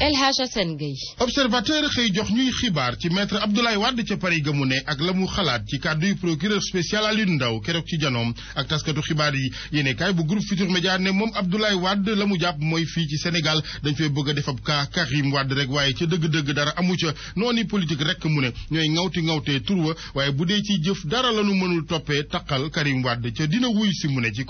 El Hadj Assane Gueye xëy jox ñuy xibaar ci maître Abdoulaye Wade ca Paris ga mu ne ak la mu xalaat ci kàdduy procureur spécial Alioune Ndao keroog ci janoom ak taskatu xibaar yi yéenekaay bu groupe Futurs Médias ne moom Abdoulaye Wade la mu jàpp mooy fii ci Sénégal dañ fay bëgg a def ab kaa Karim Wade rek waaye ca dëgg-dëgg dara amu ca noonu politique rek mu ne ñooy ŋawti ŋawtee tur wa waaye bu dee ci jëf dara la nu mënul toppee taqal Karim Wade ca dina wuy si m ne ci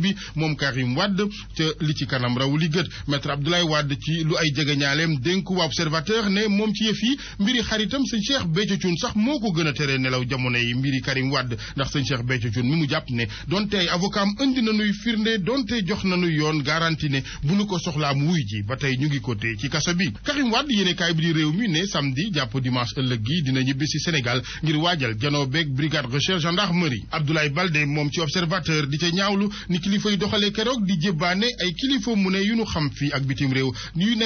bi moom Karim Wade ca li ci kanam raw li gët maître Abdoulaye Wade ci lu ay jege ñaaleem dénk waa observateur ne moom ci yëf yi mbiri xaritam sëñ Cheikh Béthio Thioune sax moo ko gën a tere nelaw jamono yi mbiri Karim Wade ndax sëñ Cheikh Béthio Thioune mi mu jàpp ne donte ay avocat am indi nañuy firnde donte jox nañu yoon garanti ne bu ñu ko soxlaa mu wuy ji ba tey ñu ngi ko tee ci kaso bi Karim Wade yéenekaay bi di réew mi ne samedi jàpp dimanche ëllëg gi dina ñibbi si Sénégal ngir waajal janoo beeg brigade recherche gendarmerie Abdoulaye Baldé moom ci observateur di ca ñaawlu ni kilifa yi doxalee keroog di jébbaane ay kilifa mu ne yu xam fii ak bitim réew ñuy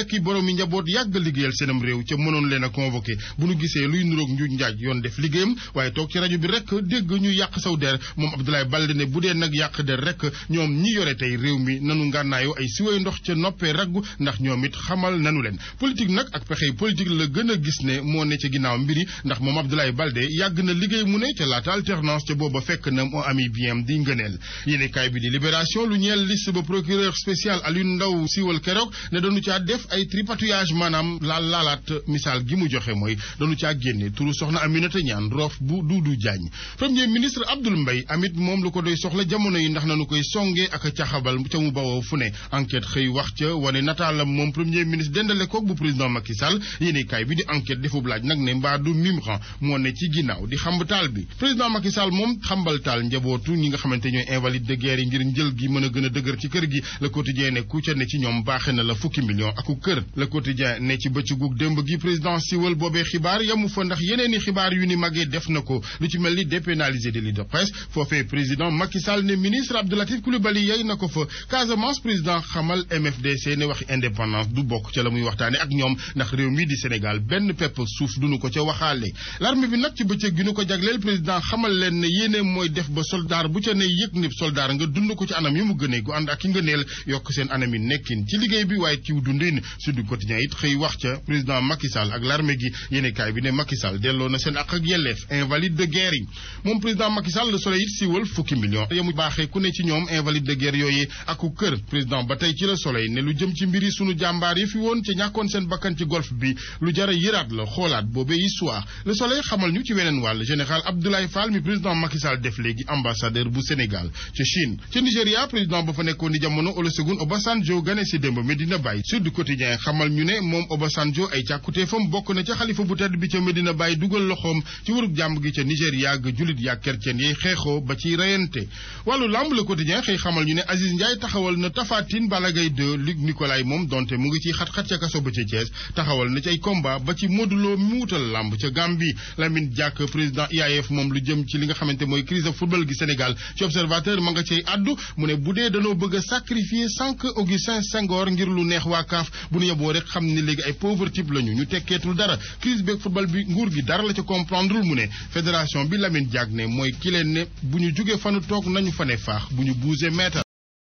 doomi njaboot yàgg liggéeyal seenam réew ca mënoon leen a convoqué bu nu gisee luy nuroog njuuj njaaj yoon def liggéeyam waaye toog ci rajo bi rek dégg ñu yàq saw der moom Abdoulaye Baldé ne bu dee nag yàq der rek ñoom ñi yore tey réew mi nanu ngànnaayoo ay siway ndox ca noppee raggu ndax ñoom it xamal nanu leen politique nag ak pexey politique la gën a gis ne moo ne ca ginnaaw mbiri ndax moom Abdoulaye Baldé yàgg na liggéey mu ne ca laata alternance ca na mu ami bien di ngëneel yéenekaay bi di libération lu ñeel liste ba procureur spécial Aliou Ndao siiwal keroog ne doonu rafatouillage maanaam laal laalaat misaal gi mu joxe mooy dañu caa génne turu soxna Aminata Ñaan roof bu Doudou Diagne premier ministre Abdoul mbay amit moom lu ko doy soxla jamono yi ndax na nanu koy songe ak a xabal ca mu bawoo fu ne enquête xëy wax ca wane nataalam moom premier ministre dendale koog bu président Macky Sall yéenekaay bi di enquête defub laaj nag ne mbaa du Mimran moo ne ci ginnaaw di xamb taal bi président Macky Sall moom xambal taal njabootu ñi nga xamante ñooy invalide de guerre yi ngir njël gi mën a gën a dëgër gi Le Quotidien ne ku ca ne ci ñoom baaxe na la fukki le quotidien ne ci bëccëgu démb gi président siiwal boobee xibaar yamu fa ndax yeneen i xibaar yu ni magee def na ko lu ci mel ni dépénaliser délit de presse foofee président Macky Sall ne ministre Abdoulatif Coulibaly yey na ko fa Casamance président xamal MFDC ne waxi indépendance du bokk ca la muy waxtaane ak ñoom ndax réew mi di Sénégal benn pepp suuf duñu ko ca waxaale l'armée bi nag ci bëccëg gi nu ko jagleel président xamal leen ne yéene mooy def ba soldaar bu ca ne yëg ni soldaar nga dund ko ci anam yi mu gënee gu du quotidien it xëy wax ca président Macky Sall ak l'armée gi yéenekaay bi ne Macky delloo na seen ak ak yelleef invalide de guerre yi moom président Macky Sall Soleil it siiwal fukki million yamu baaxee ku ne ci ñoom invalide de guerre yooyu ak ku kër président ba tey ci Le Soleil ne lu jëm ci mbiri sunu jàmbaar yi fi woon ca ñàkkoon seen bakkan ci golf bi lu jara yëraat la xoolaat boobee histoire Le Soleil xamal ñu ci weneen wàll général Abdoulaye Fall mi président xamal ñu ne moom Obasanjo ay càkkutéefam bu bi ca Medina Baye dugal loxoom ci wërug jàmb gi ñu ne Aziz na Tapha Tine Balla Gaye mu ngi ci xat-xat ca kaso ba ca Thiès taxawal na ci ay combat ba ci Modou Lo mu wutal làmb ca Gambie Lamine Diack président IAAF moom lu jëm ci li nga xamante mooy crise football gi Sénégal ci observateur ma nga cay addu mu ne bu dee danoo bëgg a sacrifier Augustin Senghor ngir lu neex waa CAF bu nu wo rek xam ne léegi ay pauvre type lañu ñu tekkeetul dara crise beeg football bi nguur gi dara la ca comprendreul mu ne fédération bi Lamine Diack ne mooy ki ne bu ñu jugee fanu toog nañu fa faax bu ñu buusee meetar